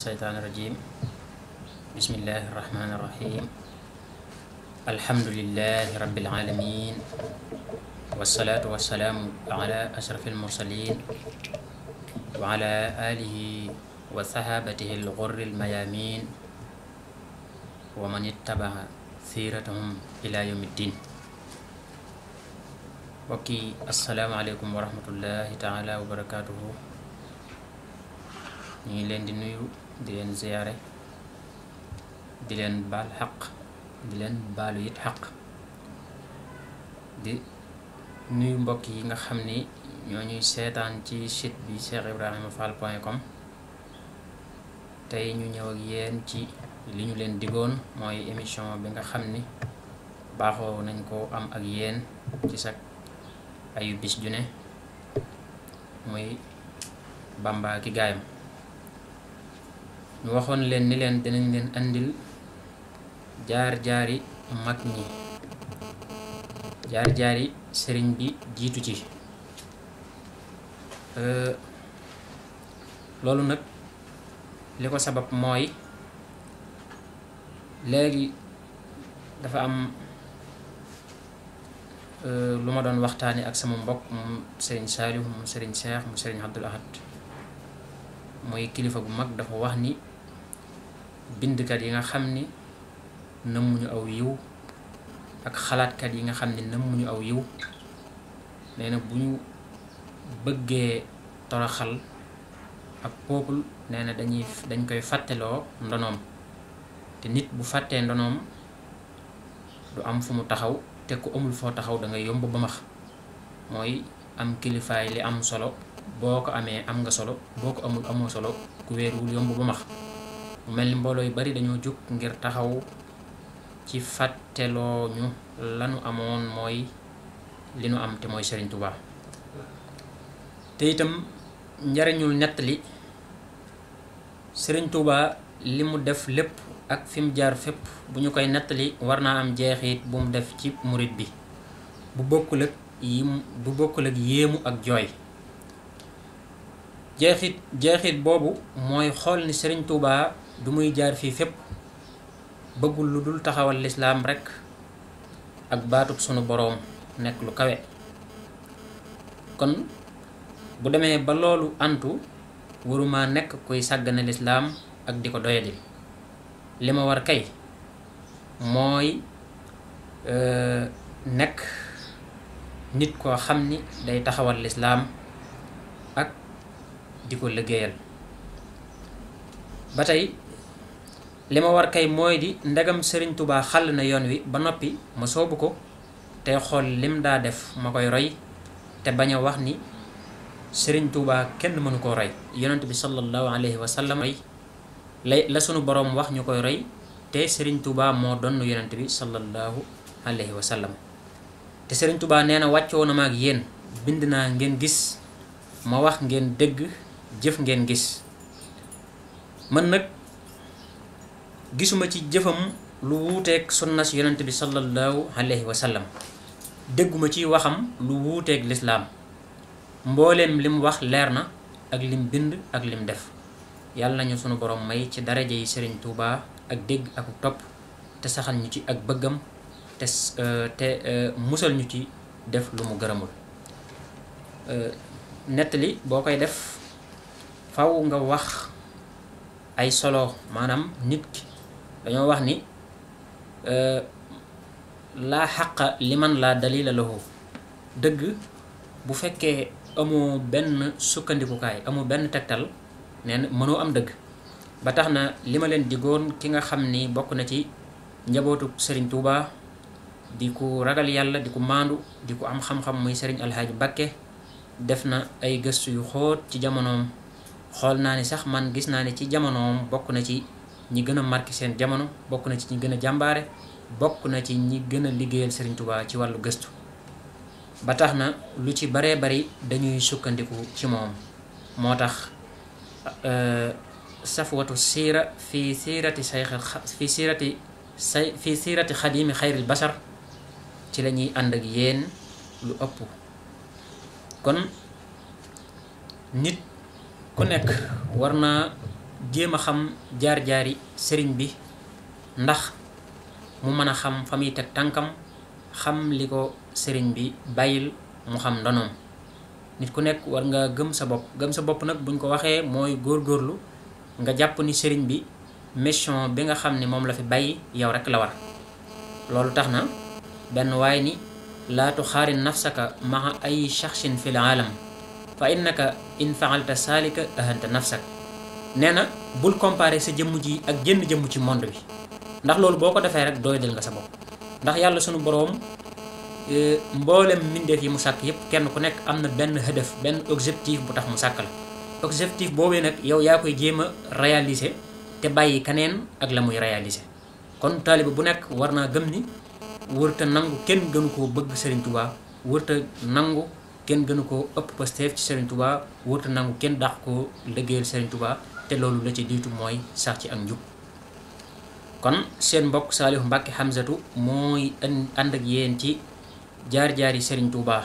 الشيطان الرجيم بسم الله الرحمن الرحيم الحمد لله رب العالمين والصلاة والسلام على أشرف المرسلين وعلى آله وصحابته الغر الميامين ومن اتبع سيرتهم إلى يوم الدين وكي السلام عليكم ورحمة الله تعالى وبركاته ni ngi di nuyu di leen ziyaare di leen baal xaq di leen baalu it xaq di nuyu mbokk yi nga xam ni ñoo ñuy seetaan ci site bi Cheikh Ibrahima Fall point tey ñu ñëw ak yéen ci li ñu leen digoon mooy émission bi nga xam ni baaxoo nañ ko am ak yéen ci sa ayubis bis ju ne muy Bamba ki gaayam ñu waxoon leen ni leen dinañ leen indil jaar-jaari mag ñi jaar-jaari sëriñ bi jiitu ci euh, loolu nag li ko sabab mooy léegi dafa am euh, lu ma doon waxtaane ak sama mbokk moom sëriñ Saalihu moom sëriñ Cheikh mu sëriñ Abdul Ahad mooy kilifa bu mag dafa wax ni bindkat yi nga xam ni nëmmuñu aw yiw ak xalaatkat yi nga xam ni nëmmuñu aw yiw nee na bu ñu bëggee toroxal ab peuple nee na dañuy dañ koy fàtteloo ndonoom te nit bu fàttee ndonoom du am fu mu taxaw te ku amul foo taxaw dangay yomb ba max mooy am kilifaay li am solo boo ko amee am nga solo boo ko amul amoo solo ku wéeruwul yomb ba max mel ni mbooloo yu bari dañoo jóg ngir taxaw ci fàtteloo ñu lanu amoon mooy li nu am te mooy Sëriñ Tuubaa te njariñul nettali Sëriñ Tuubaa li mu def lépp ak fi mu jaar fépp bu ñu koy nettali war naa am jeexit bu def ci murit bi bu bokkul ak yi bu bokkul ak yéemu ak jooy jeexit jeexit boobu mooy xool ni Sëriñ Tuubaa du muy jaar fii fépp bëggul lu dul taxawal lislaam rekk ak baatub sunu boroom nekk lu kawe kon bu demee ba loolu antu waruma nekk kuy sàggane lislaam ak di ko doyadi li ma war kay mooy e, nekk nit koo xam ni day taxawal lislaam ak di ko liggéeyal ba tey lima war kay moy di ndegam Serigne Touba xal na yoon wi ba nopi ma sobu ko te xol lim da def makoy roy te serintuba wax ni Serigne Touba kenn mënu ko roy yonent bi sallallahu alayhi wa sallam la sunu borom wax ñukoy roy te Serigne Touba mo donn yonent bi sallallahu alayhi wa sallam te Serigne Touba neena na mak yeen ngeen gis ma wax ngeen deug jëf ngeen gis man nak gisuma ci jëfam lu wuuteeg sunna si yonent bi sallallahu alayhi wa sallam dégguma ci waxam lu wuuteek lislaam mbooleem lim wax leer na ak lim bind ak lim def yàlla nañu sunu borom may ci daraja yi Serigne Touba ak dégg ak topp te saxal ñu ci ak bëggam te euh, te euh, musal ñu ci def lu mu gërëmul euh, nettali boo koy def faw nga wax ay solo maanaam nit dañoo wax ni laa xaq li man laa la lahu dëgg bu fekkee amu benn sukkandikukaay amoo benn tegtal nee na mënoo am dëgg ba tax na li ma leen digoon ki nga xam ni bokk na ci njabootu sëriñ Touba di ku ragal yàlla di ku maandu di ku am xam-xam muy sëriñ Alhaaji Bakke def na ay gëstu yu xóot ci jamonoom xool naa ni sax man gis naa ni ci jamonoom bokk na ci ñi gën a marqué seen jamono bokk na ci ñi gën a jàmbaare bokk na ci ñi gën a liggéeyal Serigne Touba ci wàllu gëstu ba tax na lu ci baree bari dañuy sukkandiku ci moom moo tax euh, safwatu siira fi siirati sayx fi siirati say fi siirati xadimi xayril basar ci la ñuy ànd ak yéen lu ëpp kon nit ku nekk war naa jéem a xam jaar-jaari sëriñ bi ndax mu mën a xam fa teg tànkam xam li ko sëriñ bi bàyyil mu xam ndonoom nit ku nekk war nga gëm sa bopp gëm sa bopp nag buñ ko waxee mooy góor góorlu nga jàpp ni sëriñ bi mession bi nga xam ni moom la fi bàyyi yow rek la war loolu tax na benn waay ni laatu tuxaarin nafsaka maa ay shaxsin fi l aalam fa innaka in faalta saalika ahanta nafsak nee na bul comparer sa jëmm ji ak jënn jëmm ci monde bi ndax loolu boo ko defee rek doy del nga sa bopp ndax yàlla sunu boroom e, mboolem mbindeef yi mu sàkk yëpp kenn ku nekk am na benn hëdëf benn objectif bu tax mu sàkk la objectif boobee nag yow yaa koy jéem a réaliser te bàyyi kaneen ak la muy réaliser kon taaliba bu nekk war naa gëm ni wërta nangu kenn gënu koo bëgg Serigne Touba wërta nangu kenn gënu koo ëpp pasteef ci Serigne Touba wërta nangu kenn dàq koo liggéeyal Serigne Touba te loolu la ci diitu mooy sax ci ak njub kon seen mbokk Saalihu Mbàkke Hamzatu mooy ànd ak yéen ci jaar-jaari Serigne Touba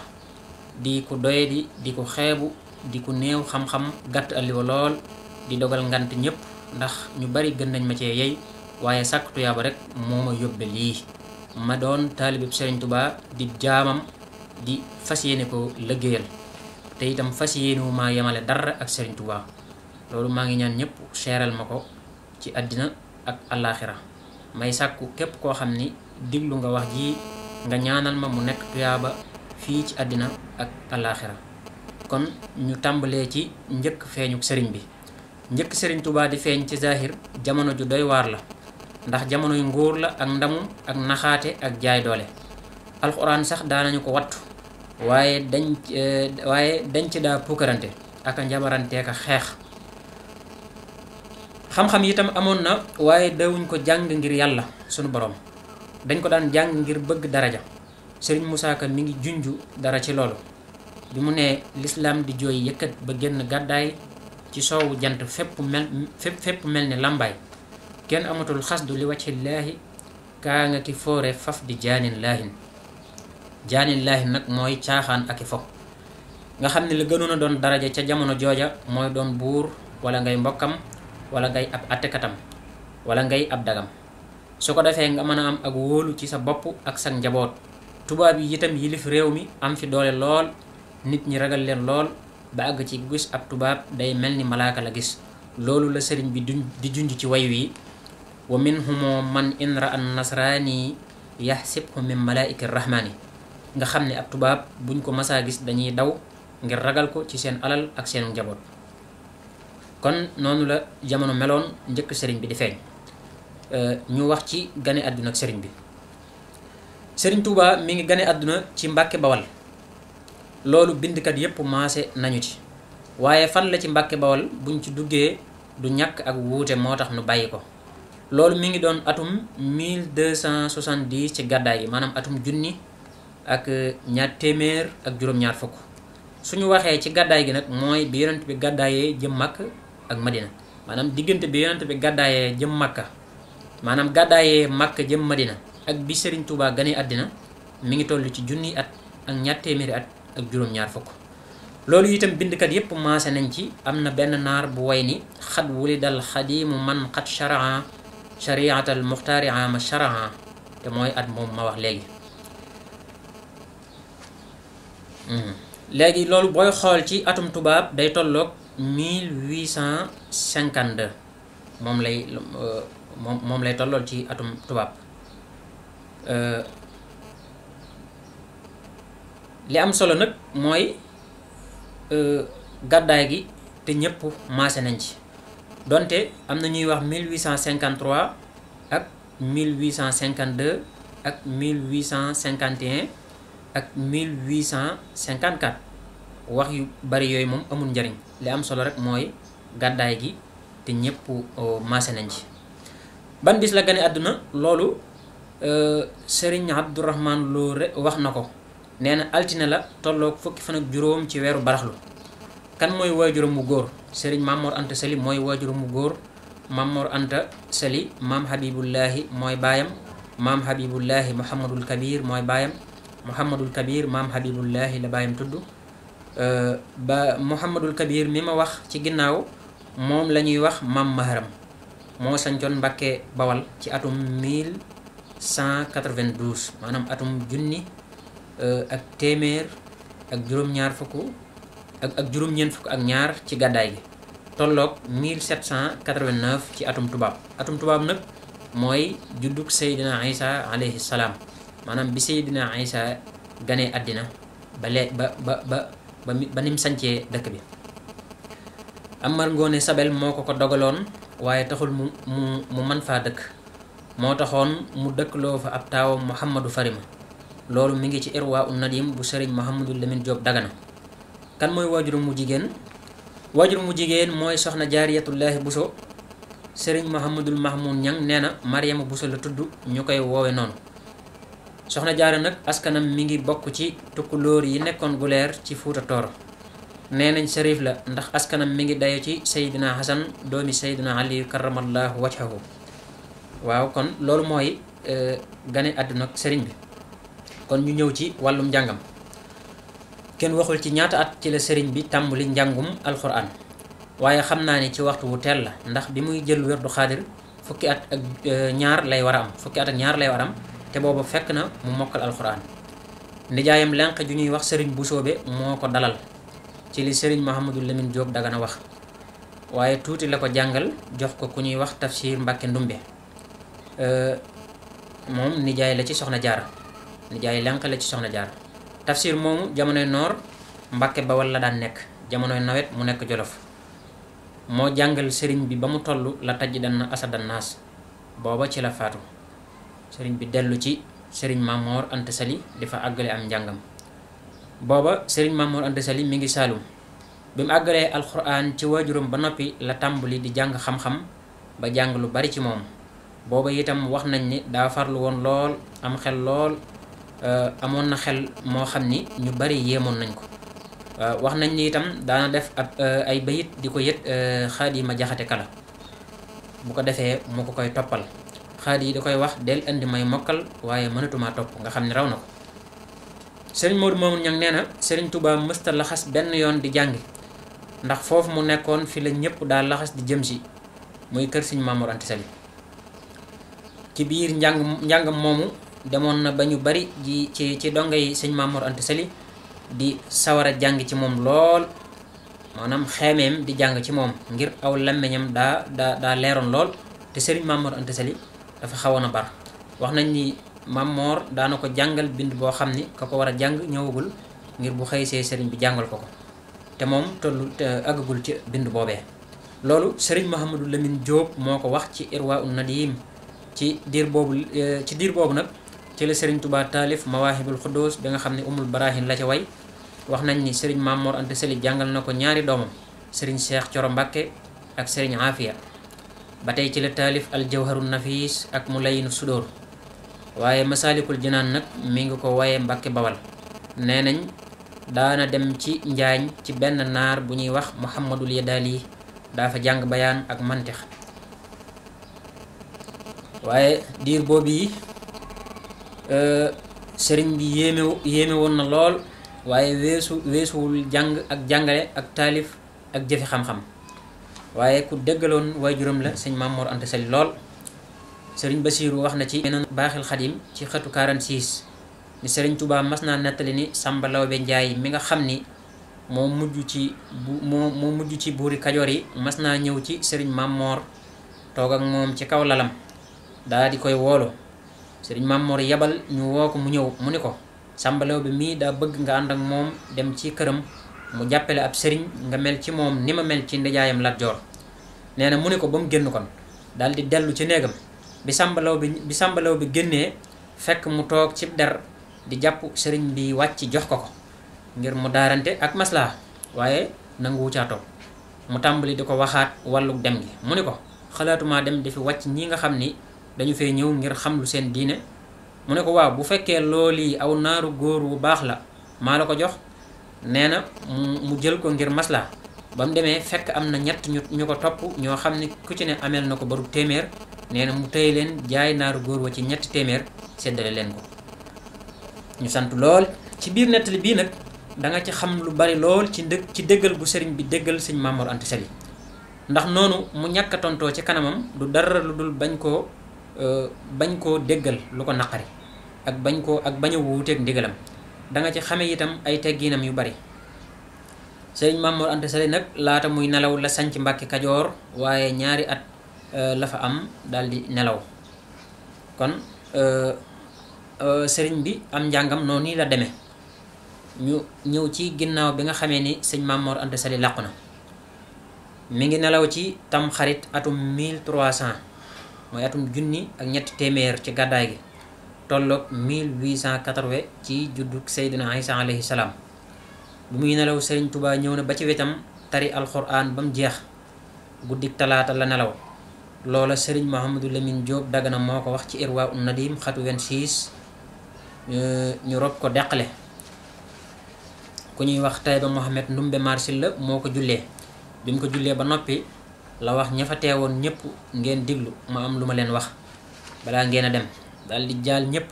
di ko doy di ko xeebu di ko néew xam-xam gàtt alliwa lool di dogal ngant ñëpp ndax ñu bari gën nañ ma ci yey waaye sàkk tuyaaba rek moo ma yóbbe lii ma doon taalibib Serigne Touba di jaamam di fas yéene ko liggéeyal te itam fas yéenewu maa yemale dara ak Serigne Touba. loolu maa ngi ñaan ñëpp seeral ma ko ci àddina ak àllaaxira may sàkku képp koo xam ni diglu nga wax ji nga ñaanal ma mu nekk tuyaaba fii ci àddina ak àllaaxira kon ñu tàmbalee ci njëkk feeñu sëriñ bi njëkk sëriñ Tuubaa di feeñ ci zahir jamono ju doy waar la ndax jamonoy ngóor la ak ndamu ak naxaate ak jaay doole alxuraan sax daanañu ko wattu waaye dañ eh, waaye dañ ci daa puukarante ak a njabarante a xeex xam-xam yi itam amon na waye dawuñ ko jang ngir yalla suñu borom dañ ko daan jang ngir bëgg daraja Serigne Moussa Ka mi ngi junju dara ci loolu bi mu ne l'islam di joy yëkkat ba genn gaday ci soowu jant fep mel fep fépp mel Ken amutul amatul khasdu li llahi ka nga ki fore faf di janin laahin janin laahin nak moy chaahan ak fop nga xamni li daraja ca jamono jojja moy doon bur wala ngay mbokam wala ngay ab attekatam wala ngay ab dagam soko ko nga mëna am ak wolu ci sa bop ak sa njabot tuba bi yitam yilif am fi doole lol nit ñi ragal leen lol ba ag ci gis ab tuba day mel ni malaaka la gis lolou la serigne bi di junj ci way wi wa minhumo man in ra an nasrani min malaa'iki rahmani nga xam ab tuba buñ ko massa gis dañuy daw ngir ragal ko ci seen alal ak seen njabot kon nonu la jamono melone njëkk serigne bi di euh ñu wax ci gane aduna ak serigne bi serigne Touba mi ngi gane aduna ci Mbàkke Bawal bind kat yépp maase nañu ci waaye fan la ci Mbàkke Bawal buñ ci duggé du ñak ak wuute motax nu bayiko lolu mi ngi don atum 1270 ci gadda yi manam atum junni ak euh, ñaar témèr ak juroom ñaar fukk suñu waxé ci gàddaay gi nak moy bi yonent bi jëm ak madina maanaam diggante bi yonent bi gàddaayee jëm makka maanaam gàddaayee makka jëm madina ak bi sëriñ Touba gane àddina mu ngi toll ci junni at ak ñaar téeméeri at ak juróom-ñaar fukk loolu itam bindkat yépp maase nañ ci am na benn naar bu way ni xat wuli dal xadiimu man xat charaa chariatal muxtaaria ma charaa te mooy at moom ma wax léegi hmm. léegi loolu booy xool ci atum tubaab day tolloog cent cinquante 1852 moom lay euh, moom moom lay tollool ci atum tubaab euh, li am solo nag mooy euh, gàddaay gi te ñëpp maase nañ ci donte am na ñuy wax mille cent 1853 ak cent deux ak mille cinquante 1851 ak cinquante 1854 wax yu bari yoy mom amul njariñ li am solo rek moy gi te ñepp oh, maase nañ ci ban bis la gane lolu euh serigne abdourahman loo wax nako neena altina la tolok fukki fan ak juroom ci wéru baraxlu kan moy wajuro mu gor serigne Mamor Anta Sali moy wajuro mu gor Mamor Anta Sali mam habibullah moy mam mam habibullah Muhammadul Kabir moy bayam Muhammadul Kabir mam habibullah la bayam tuddu Euh, ba Mouhamadul Kabir mi ma wax ci ginnaaw moom la ñuy wax Mam Maharam moo sancoon Mbàkke Bawal ci atum mil cent 1192 maanaam atum junni euh, ak téeméer ak juróom-ñaar fukk ak ak juróom-ñeent fukk ak ñaar ci gàddaay gi tolloog 1789 ci atum tubaab atum tubaab nag mooy juddug Seydina Isa alayhi maanaam bi Seydina Isa ganee àddina ba lee ba ba ba ba nim sancee dëkk bi amar ngone sabel moko ko dogalon waye taxul mu mu man fa dëkk mo taxon mu lo fa ab taw muhammadu farima loolu mi ngi ci irwa un nadim bu sëriñ muhammadu lamin job dagana kan moy wajuru mu jigen wajuru mu jigen moy soxna jariyatullah buso sering muhammadul mahmun ñang neena maryam buso la tuddu ñukay wowe woowe soxna jaara nag askanam mi ngi bokk ci tukkulóor yi nekkoon guleer ci fuuta tooro nee nañ sharif la ndax askanam mi ngi dayo ci saydina hasan doomi saydina ali karamallahu wajhahu waaw kon loolu mooy eh, gane àdduna sëriñ bi kon ñu ñëw ci wàllum njàngam kenn waxul ci ñaata at ci la sëriñ bi tàmbali njàngum alxuraan waaye xam naa ni ci waxtu wu teel la ndax bi muy jël werdu xaadir fukki at ak eh, ñaar lay war a am fukki at ak ñaar lay war a am te booba fekk na mu mokkal alxuraan nijaayam lenq ju ñuy wax sëriñ bu busoobe moo ko dalal ci li sëriñ Mouhamadou Lamine Diop Dagana wax waaye tuuti la ko jàngal jox ko ku ñuy wax tafsir Mbàkke Ndumbe euh, moom nijaay la ci soxna jaar nijaay lenq la ci soxna jaar tafsir moomu jamonoy noor Mbàkke Bawal la daan nekk jamonoy nawet mu nekk Jolof moo jàngal sëriñ bi ba mu toll la taj dan na asadan booba ci la faatu sëriñ bi dellu ci sëriñ Mamor Anta Sali di fa àggale am njàngam booba sëriñ Mamor Anta Sali ngi Saalum bi mu àggalee alxuraan ci waajuram ba noppi la tàmbali di jàng xam-xam ba jàng lu bari ci moom booba itam wax nañ ni daa farlu woon lool am xel lool euh, amoon na xel moo xam ni ñu bari yéemoon nañ ko euh, wax nañ ni itam daana def ab euh, ay bayit di ko yët xaadima jaxate kala bu ko defee mu ko koy toppal xaal yi da koy wax del andi may mokkal waaye mënatuma top nga xamni ne raw na ko sëriñ Modou Mamoune Niang nee na sëriñ Touba mësta laxas benn yoon di jàngi ndax fofu mu nekkon fi la ñëpp daal laxas di jëm ci muy kër serigne Mamour anti Sali ci biir njàng na bañu bari ji ci ci dongay serigne Mamour anti Sali di sawara a ci mom lol manam xeemeem di jang ci mom ngir aw lammeñam da da da leron lol te serigne Mamour anti Sali dafa xawoon a bar wax nañ ni Maam Moor daana ko jàngal bind boo xam ni ka ko war a jàng ñëwagul ngir bu xëysee sëriñ bi jàngal ko ko te moom tollu àggagul ci bind boobee loolu sëriñ Mouhamadou Lamine jóob moo ko wax ci Irwa na Nadim ci diir boobu ci diir boobu nag ci la sëriñ Touba taalif Mawahibul Xuddoos bi nga xam ne Umul Barahin la ca way wax nañ ni sëriñ Maam Moor Anta jàngal na ko ñaari doomam sëriñ Cheikh Coro Mbàkke ak sëriñ Afia ba tey ci la taalif al jawharu nafis ak mu layinu sudóor waaye masaalikul jinaan nag mi ngi ko waaye mbàkke bawal nee nañ daana dem ci njaañ ci benn naar bu ñuy wax muhammadul yadaali daa fa jàng bayaan ak mantix waaye diir boobu yi euh, sëriñ bi yéeme yéeme woon na lool waaye weesu weesuwul jàng ak jàngale ak taalif ak jëfi xam-xam waye ku deggalon waajuram la seigne mamour ante Sali lol sëriñ basirou waxna ci benen baxil khadim ci xëtu 46 ni sëriñ touba masna netali ni samba Lawbe Njaay mi nga xamni mo moo ci mo moo ci buuri Kajoor yi mas ci sëriñ mamour tok ak mom ci kaw lalam da di koy wolo. sëriñ mamour yabal ñu woo ko mu ñew mu ni ko Sàmba Lawbe mi da bëgg nga and ak mom dem ci kërëm mu jappelé ab sëriñ nga mel ci mom ni ma mel ci ndijaayam la jor néna mu ne ko bam mu kon daal di dellu ci négam bi sambalaw bi bi sambalaw bi génnee fekk mu tok ci der di japp sëriñ bi wacc jox ko ko ngir mu daarante ak masla waaye nanguwu caa toog mu tambali diko ko waxaat walu dem gi mu ko khalatuma dem di fi wàcc ñi nga xamni dañu fe ñew ngir xam lu seen diine mu ne ko waaw bu fekkee loli aw naaru goor wu bax la ma la ko jox nee na mu jël ko ngir maslaa ba mu demee fekk am na ñett ñu ñu ko topp ñoo xam ne ku ci ne ameel na ko baru téeméer nee na mu tëye leen jaay naaru góor wa ci ñetti téeméer seddale leen ko ñu sant lool ci biir nettali bii nag danga ci xam lu bari lool ci ndëg ci dëggal gu sëriñ bi déggal sëñ Maamor Anta Sali ndax noonu mu ñàkk a tontoo ci kanamam du dara lu dul bañ koo euh, bañ koo déggal lu ko naqari ak bañ koo ak bañ a wuuteeg ndigalam da nga ci xame itam ay tegginam yu bari sëriñ Mamour Anta nag laata muy nelaw la sanc Mbàkke Kajoor waaye ñaari at euh, la fa am daal nelaw kon euh, euh, sëriñ bi am njàngam noonu nii la deme ñu ñëw ci ginnaaw bi nga xamee ni sëñ Mamour Anta Sali làqu na mi ngi nelaw ci tam xarit atum 1300 mooy atum junni ak ñetti téeméer ci gàddaay gi tolloog 1880 ci juddug Seydina Isa alayhi salaam bu muy nelaw Sëriñ Tuubaa ñëw na ba ci wetam tari alxuraan ba mu jeex guddik talaata la nelaw loola Sëriñ Mouhamadou Lamine Diop Dagana moo ko wax ci Irwa un Nadim xatu 26 euh, ñu rob ko deqale ku ñuy wax Taïba Mohamed Ndumbe Marsil la moo ko jullee bi mu ko jullee ba noppi la wax ñafatee woon teewoon ñëpp ngeen diglu ma am lu ma leen wax balaa ngeen a dem dal di jaal ñepp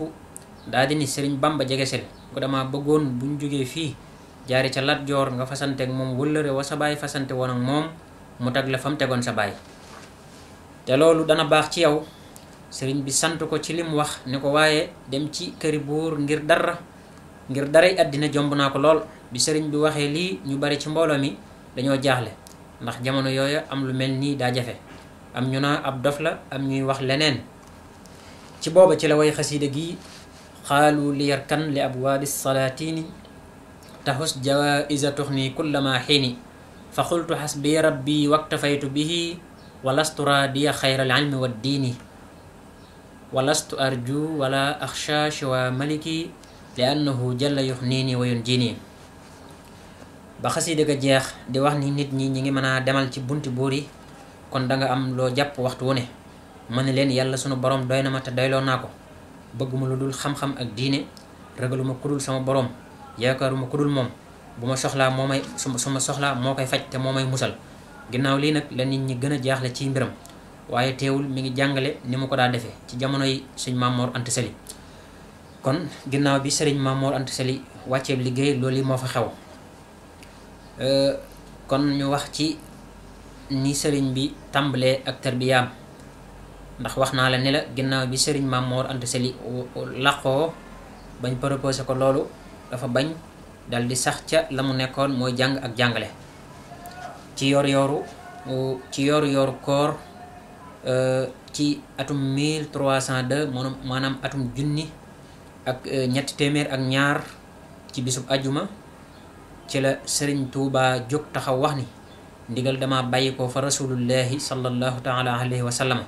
dal di ni serigne bamba jege sel ko dama bëggoon buñ jógee fi jaari ca lat jor nga fasante ak mom, wëllëre wa sa baay fasante won ak mom mu tag la fam tegoon sa baay te lolu dana bax ci yow serigne bi sant ko ci lim wax ni ko waaye dem ci këri buur ngir dar ngir daray àddina jomb naa ko lol bi serigne bi waxee li ñu bari ci mbolo mi dañu ndax jamono am lu melni da jafé am ñuna ab dofla am ñuy wax lenen ci booba ci la way xasiida gi xaalu liyarkan li abwaabi salaatini taxus jawaisa tuxni kullama xiini fa xultu xasbi rabbi waktafaytu bihi walastu raadiya xayral ilmi wa diini walastu arju wala axsha siwa maliki li annahu jalla yuxniini wa yunjini ba xasiida ga jeex di wax ni nit ñi ñi ngi mën a demal ci bunt buur yi kon danga am loo jàpp waxtu wu ne ma ne leen yàlla sunu borom doy na ma te doyloo naa ko bëgguma lu dul xam-xam ak diine ma kudul sama borom yaakaaruma kudul moom bu ma soxlaa moo may suma soxlaa moo koy faj te moo may musal ginnaaw lii nag la nit ñi gën a jaaxle ci mbiram waaye teewul mi ngi jàngale ni mu ko daa defee ci jamono yi suñ Mamor Anta Sali kon ginnaaw bi sëriñ Mamor Anta Sali wàcceeb liggéey loolu yi moo fa xew euh, kon ñu wax ci ni sëriñ bi tàmbalee ak tarbiyaam ndax waxna la ne la ginnaw bi serigne Mamor ante seli laqo bañ proposer ko loolu dafa bañ dal di sax ca lamu nekkon moy jang ak jangale ci yor yoru ci yor yoru koor e, ci atum 1302 moom manam atum junni ak e, ñetti témèr ak ñaar ci bisub aljuma ci la serigne touba jog taxaw wax ni ndigal dama bayiko ko fa rasulullah sallallahu taala alayhi wa sallam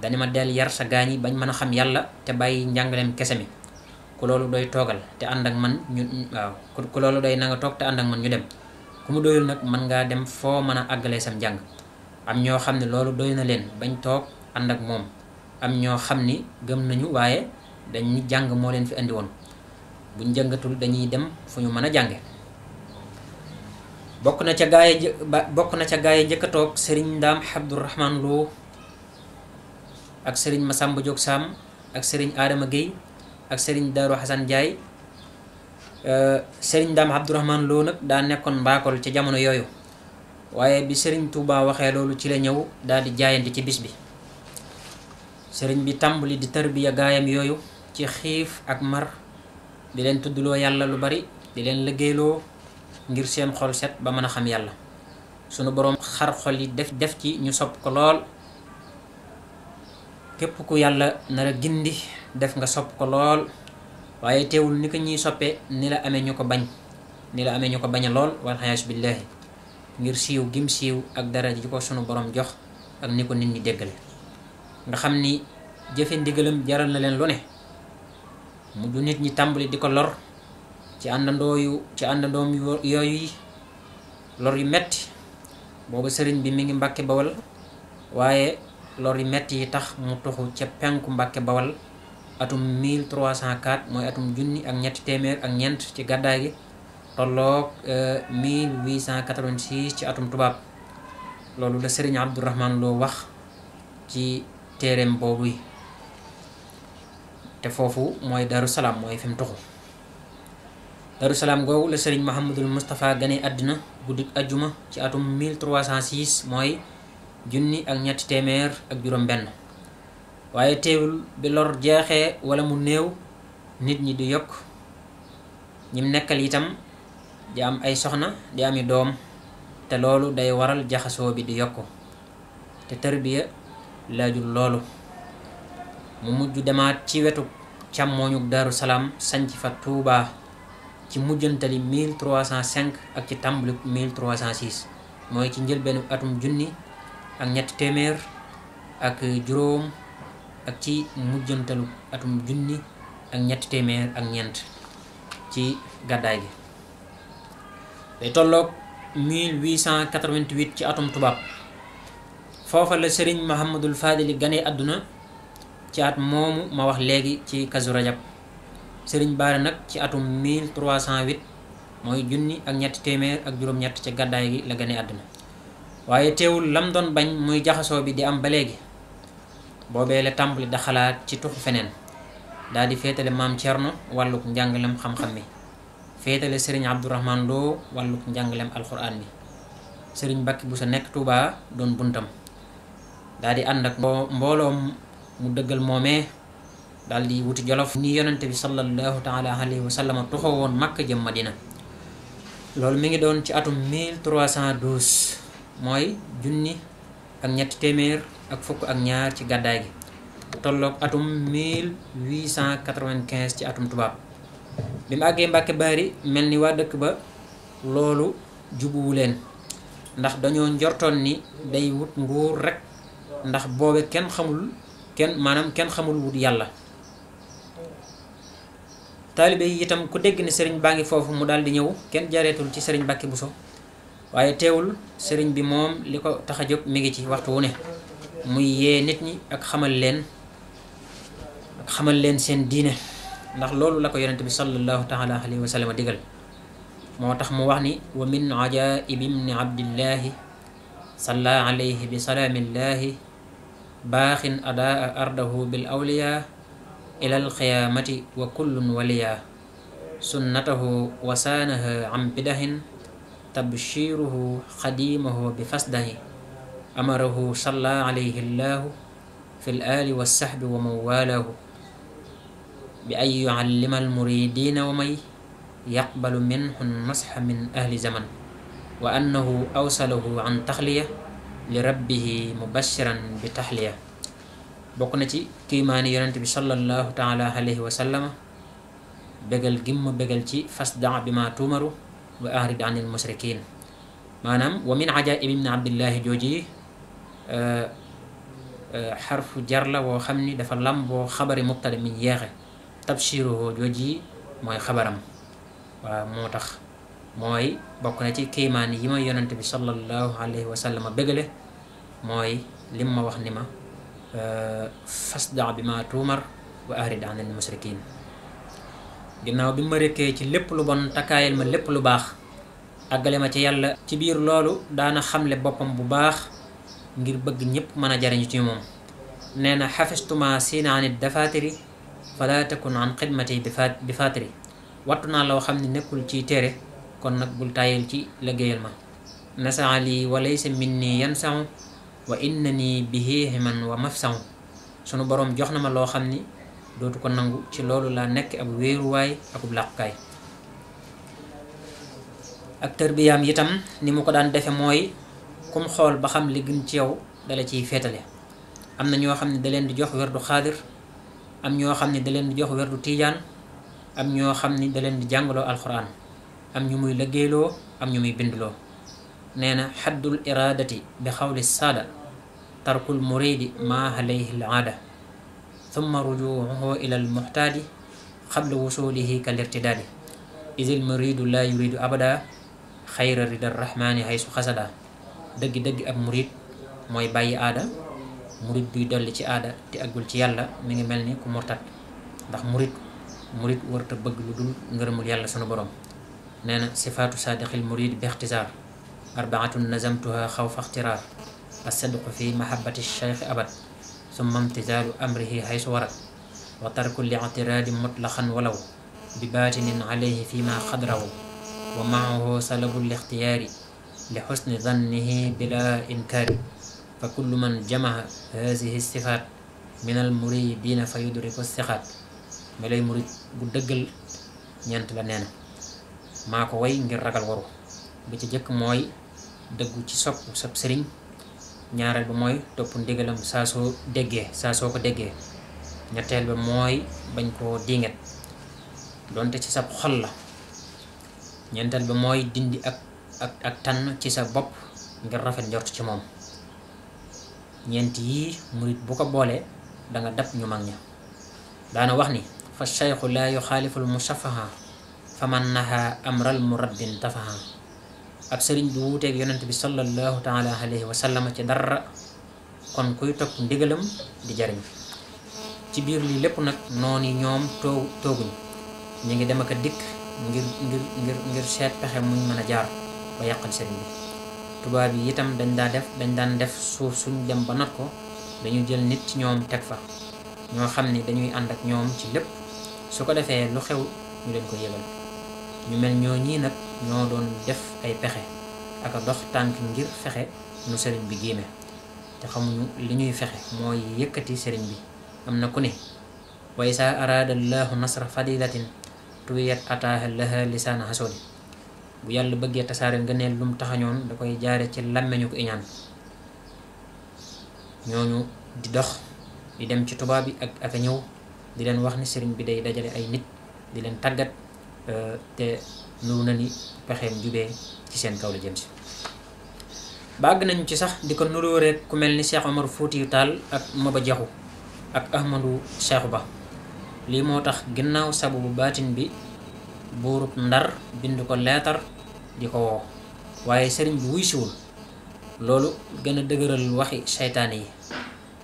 dani ma del yar sa gañi bañ mëna xam yalla té bay ñangalem kese mi ku lolu doy togal te and ak man ñu waaw ku lolu doy na nga tok te and ak man ñu dem ku mu doyul nak man nga dem fo mëna aggalé sam jang am ño xamni lolu doy na len bañ tok and ak mom am ño xamni gëm nañu wayé dañ jang mo len fi andi woon buñ jàngatul dañuy dem fu ñu mëna jangé bokku na ca gaay bokku na ca gaay jëkka toog sëriñ abdourahman ak serigne Massamba jog Sam ak serigne Adama gey ak Hasan jai, Hassan Ndiaye euh, serigne dam abdourahman Lo nak da nekkon mbakol ci jamono yoyu waaye bi serigne Touba waxe loolu ci la ñew dal di jaayante ci bis bi serigne bi tambuli di tarbiya gaayam yoyu ci xif ak mar di leen tuddloo yalla lu bari di len liggeelo ngir seen xol set ba mëna xam yalla sunu borom xar xol def def ci ñu sop ko lol képp ku yàlla nara gindi def nga sopp ko lool waaye teewul ni ko ñuy soppee ni la amee ñu ko bañ ni la amee ñu ko bañ a lool wal xayaasu billaahi ngir siiw gim siiw ak dara ji ko sunu borom jox ak ni ko nit ñi déggale nga xam ni jëfe jaral na leen lu ne mu du nit ñi tàmbali di ko lor ci àndandoo yu ci àndandoom yooyu yi lor yu metti boobu sëriñ bi mi ngi mbàkke bawal waaye loolu yu metti yi tax mu toxu ca penku Mbàkke Bawal atum 1304 mooy atum junni ak ñetti téeméer ak ñeent ci gàddaay gi tolloog 1886 euh, ci atum tubaab loolu la Sëriñ Abdourahman Lo wax ci téereem boobu yi te foofu mooy Daru Salaam mooy fi mu toxu Daru Salaam googu la Sëriñ Mahamadul Moustapha gane àddina guddik ajjuma ci atum 1306 mooy junni ak ñet témèr ak juroom ben waye téwul bi lor jéxé wala mu néw nit ñi di yok ñim nekkal itam di am ay soxna di am doom té loolu day waral jaxaso bi di yok té tarbiya lajul loolu mu mujju demaat ci wetu càmmooñu daru salam sanc fa touba ci mujjantali 1305 ak ci tàmbali 1306 moy ci ben atum junni ak ñetti téeméer ak juróom ak ci mujjantalu atum junni ak ñetti téeméer ak ñeent ci gàddaay gi day tolloog 1888 ci atum tubaab foofa la sëriñ Mahamadul Fadili gane àdduna ci at moomu ma wax léegi ci kazu rajab sëriñ Baare nag ci atum 1308 mooy junni ak ñetti téeméer ak juróom-ñett ci gàddaay gi la gane àdduna waye teewul lam doon bañ muy jaxaso bi di am ba legi bobé la tàmbali da xalaat ci tuxu fenen daal di mam maam Thierno wàlluk njàngalem xam-xam mi fétalé serigne Abdourahman do walu njàngalem alxuraan mi serigne Bakki bu sa nek Touba doon buntam daal di ànd ak mbolom mu deugal momé wuti jolof ni yonente bi sallallahu taala alayhi wa sallam tuxoo woon jëm Madina loolu mi ngi doon ci atum 1312 mooy junni ak ñetti téeméer ak fukk ak ñaar ci gàddaay gi tolloog atum 1895 ci atum tubaab bi mu àggee Mbàkke Baari mel ni waa dëkk ba loolu jubuwu leen ndax dañoo njortoon ni day wut nguur rek ndax boobe kenn xamul kenn maanaam kenn xamul wut yàlla taalibe yi itam ku dégg ne sëriñ baa ngi foofu mu daal di ñëw kenn jareetul ci sëriñ bu so waye tewul serigne bi mom liko taxajuk mi ngi ci waxtu wone muy ye nit ñi ak xamal leen ak xamal leen seen diine ndax loolu la ko yonente bi sallallahu taala alayhi wa sallam digal moo tax mu wax ni wa min ajaib ibn abdillahi salla alayhi bi salamillah baaxin أداء ardahu بالأولياء إلى القيامة وكل وليا سنته وسانه عن بدهن تبشيره قديمه بفسده أمره صلى عليه الله في الآل والسحب ومواله بأن يعلم المريدين ومن يقبل منه النصح من أهل زمن وأنه أوصله عن تخلية لربه مبشرا بتحلية بقنتي كما ci kiimaani الله تعالى عليه وسلم بقل جم بقل bégal بما bégal وأعرض عن المشركين مانام ومن عجائب ابن عبد الله جوجي أه أه حرف جرلا وخمني دفع لام وخبر مبتدا من ياغي تبشيره جوجي ما خبرم وموتخ موي بقنا تي كيمان يما يننت صلى الله عليه وسلم بغله موي لما وخنما أه بما تومر وأعرض عن المشركين ginnaw bi ma rekke ci lépp lu bon takayel ma lépp lu bax agale ma ci yàlla ci bir lolu dana xamle bopam bu bax ngir bëgg ñëpp mëna a ci mom neena hafistuma xafistuma siina dafatiri fala takun an qidmati bi watuna lo xamni nekkul ci téré kon nak bul tayel ci liggéeyal ma nasa ali wa laysa minni yansahu wa innani bihi himan wa mafsahu sunu borom joxnama lo xamni dootu ko nangu ci loolu laa nekk ab wéeruwaay akub làqukaay ak tërbiyaam itam ni mu ko daan defe mooy kum xool ba xam li gën ci yow dala ciy féetale am na ñoo xam ne da leen di jox werdu xaadir am ñoo xam ne da leen di jox werdu tiijaan am ñoo xam ni da leen di jàngaloo alxuraan am ñu muy lëggéeyloo am ñu muy bindloo nee na xaddul iraadati bi xawli saada tarkul muridi maa alayhi al aada ثم رجوعه إلى المحتاج قبل وصوله كالارتداد إذ المريد لا يريد أبدا خير رد الرحمن حيث خسد دق دق أب مريد موي باي آدا مريد بي دل تي آدا تي أقول تي يالا ميني ملني كو مرتد داخ مريد مريد ورد بق لدن نغرم يالا سنو بروم نانا صفات صادق المريد باختزار أربعة نزمتها خوف اختراف الصدق في محبة الشيخ أبد ثم امتثال أمره حيث ورد وترك لاعتراض مطلقا ولو بباطن عليه فيما قدره ومعه سلب الاختيار لحسن ظنه بلا إنكار فكل من جمع هذه الصفات من المريدين فيدرك الثقات melay مريد bu dëggal ñeent la nee na maa ko way ngir ragal waru ba ci jëkk mooy ñaaral ba moy topp ndigalam sa so déggee sa so ko déggee ñettel ba moy bañ ko dinget donte ci sa xol la ñeenteel ba moy dindi ak ak ak tan ci sa bop ngir rafet njort ci mom ñent yi murid bu ko bolé da nga dab ñu mag ña daana wax ni fa shaykhu la yukhalifu al musafaha faman naha amral muraddin tafaha ab duu du wuuteeg yonent bi sallallahu taala alayhi wa sallam ci dar kon kuy topp ndigalam di jariñ ci bir li lepp nak noni ñom ñi ngi dem ak dik ngir ngir ngir ngir xet pexe muñ mëna jaar ba yaqal sëriñ bi tuba bi itam dañ da def dañ dan def suuf suñ dem ba nat ko dañu jël nit ci ñom tek fa ño xamni dañuy and ak ñom ci lepp su ko defé lu xew ñu leen ko yegal ñu mel ñoo ñii nag ñoo doon def ay pexe ak dox tànk ngir fexe nu sëriñ bi génne te xamuñu li ñuy fexe mooy yëkkati sëriñ bi am na ku ne wa isaa araada allahu nasra fadilatin tuwiyat ataaha laha lisaana hasoodi bu yàlla bëggee tasaare ngëneel lum taxañoon da koy jaare ci làmmeñu ko iñaan ñooñu di dox di dem ci tubaab bi ak ak a ñëw di leen wax ni sëriñ bi day dajale ay nit di leen tàggat te lu na ni pexeem jubee ci sen kaw la jëm ci bag nañ ci sax di ko rek ku melni cheikh omar fouti tal ak maba jaxu ak ahmadou cheikh ba li motax ginnaw sabu batin bi buru ndar bindu ko leetar di wo waye serign sëriñ bi wuy siwul loolu gëna a waxi shaytan yi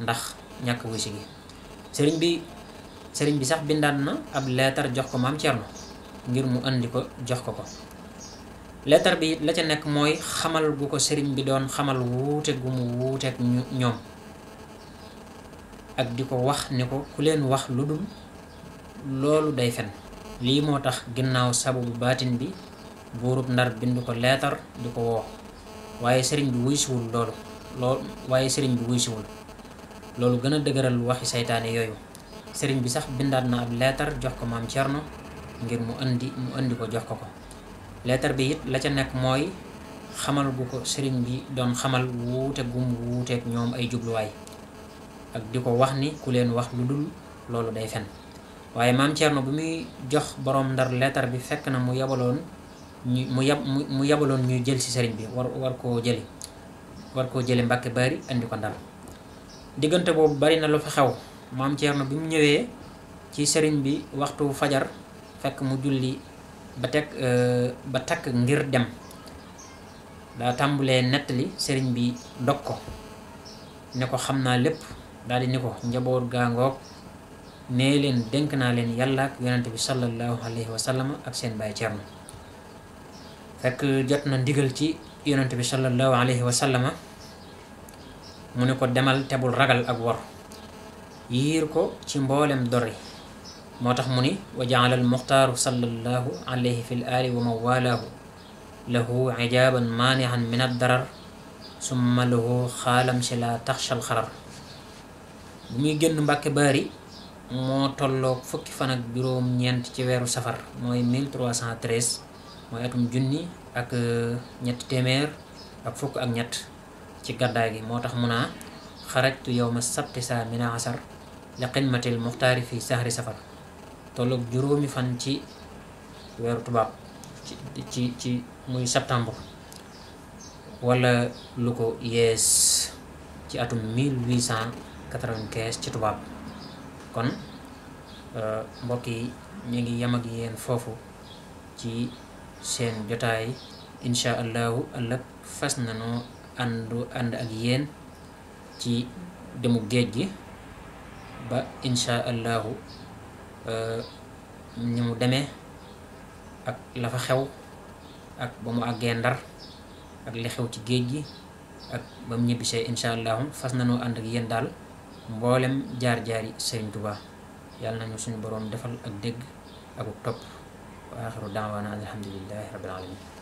ndax ñak wuy si gi serign bi serign bi sax na ab leetar jox ko maam cierno ngir mu andi ko jox ko ko letter bi la ca nek moy xamal gu ko serigne bi doon xamal wuute gu mu ak ñom ak di wax ne ko ku len wax ludum lolu day fen li motax ginnaw sabu batin bi burub nar bindu ko letter di ko waye serigne bi wuysiwul loolu lool waye serigne bi wuysiwul loolu gën a dëgëral waxi saytaane yoyu serigne bi sax bindat na ab letter jox ko maam Cerno ngir mu andi mu andi ko jox ko ko letter bi it la ca nek moy xamal bu ko serigne bi don xamal wute gum ak ñom ay way ak di ko wax ni ku len wax lu dul lolu day fen waye maam cierno bu mi jox borom ndar letter bi fek na mu yabalon mu yab mu yabalon ñu jël si serigne bi war war ko jël war ko jël mbàkke bari andi ko ndal diggante bobu bari na lu fa xew mam cierno bi mu ñëwé ci serigne bi waxtu fajar fekk mu julli ba teg euh, ba takk ngir dem daa tàmbulee nettali sëriñ bi dog ko ne ko xam naa lépp daal ni ko njaboot gaa ngoog nee leen denk naa leen yàlla ak yonante bi sallallahu alayhi wa sallam ak seen baay Cerno fekk jot na ndigal ci yonante bi sallallahu alayhi wa sallama mu ne ko demal tebul ragal ak wor yiir ko ci mboolem dori موتاح موني وجعل المختار صلى الله عليه في الآل ومواله له عجابا مانعا من الضرر ثم له خالم شلا تخشى الخرر بمي جن باك باري مو تولو فكي فانك بروم نيان تيويرو سفر موي ميل 1313 موي اكم جني اك نيت تيمير اك فوك اك نيت تي غداغي موتاخ مونا خرجت يوم السبت سا من عشر لقمة المختار في سهر سفر tolok juróomi fan ci weeru tubaab ci ci ci muy septembre wala luko yes ci atum 1895 ci tubaab kon euh, mbokk yi ñi ngi yem ak yéen foofu ci seen jotaay insha allah allah fas nanoo andu and ak yeen ci demu géej ba insha allah ñi euh, mu demee ak la fa xew ak ba mu àggee ndar ak li xew ci géej gi ak ba mu ñibbisee incha allahu fas nanoo ànd ak yéen daal mboolem jaar-jaari Serigne tubaa yàlla nañu suñu boroom defal ak dégg ak topp wa axiru daawaana alhamdulillahi rabbil alamin